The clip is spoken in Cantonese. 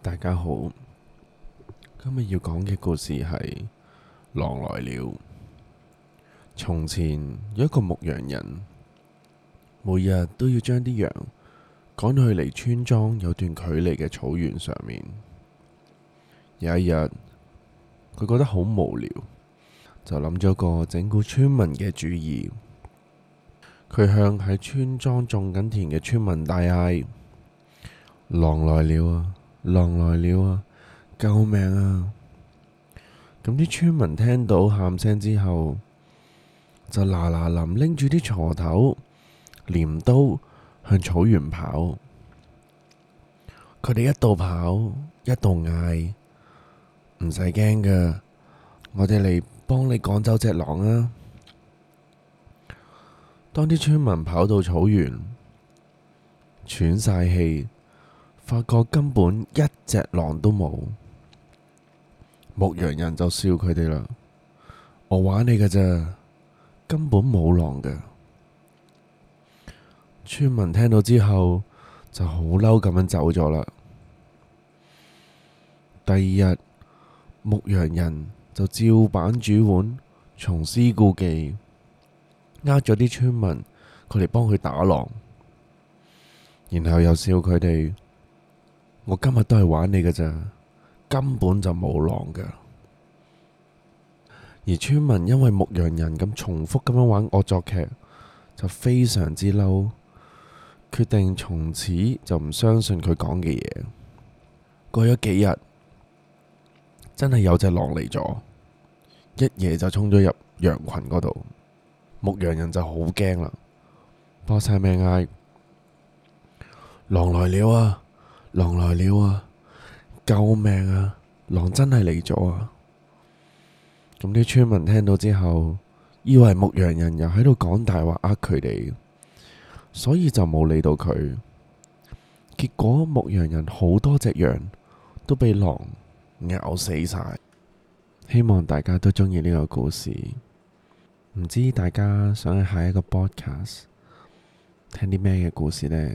大家好，今日要講嘅故事係狼來了。從前有一個牧羊人，每日都要將啲羊趕去離村莊有段距離嘅草原上面。有一日，佢覺得好無聊，就諗咗個整蠱村民嘅主意。佢向喺村莊種緊田嘅村民大嗌：狼來了啊！狼來了啊！救命啊！咁啲村民聽到喊聲之後，就嗱嗱臨拎住啲鋤頭、鐮刀向草原跑。佢哋一度跑，一度嗌，唔使驚噶，我哋嚟幫你趕走隻狼啊！當啲村民跑到草原，喘晒氣。發覺根本一隻狼都冇，牧羊人就笑佢哋啦。我玩你噶咋，根本冇狼嘅。村民聽到之後就好嬲咁樣走咗啦。第二日，牧羊人就照板煮碗，重施故技，呃咗啲村民過嚟幫佢打狼，然後又笑佢哋。我今日都係玩你嘅咋，根本就冇狼㗎。而村民因為牧羊人咁重複咁樣玩惡作劇，就非常之嬲，決定從此就唔相信佢講嘅嘢。過咗幾日，真係有隻狼嚟咗，一夜就衝咗入羊群嗰度，牧羊人就好驚啦，搏晒命嗌：狼來了啊！狼來了啊！救命啊！狼真係嚟咗啊！咁啲村民聽到之後，以為牧羊人又喺度講大話呃佢哋，所以就冇理到佢。結果牧羊人好多隻羊都被狼咬死晒。希望大家都鍾意呢個故事。唔知大家想喺下一個 podcast 聽啲咩嘅故事呢？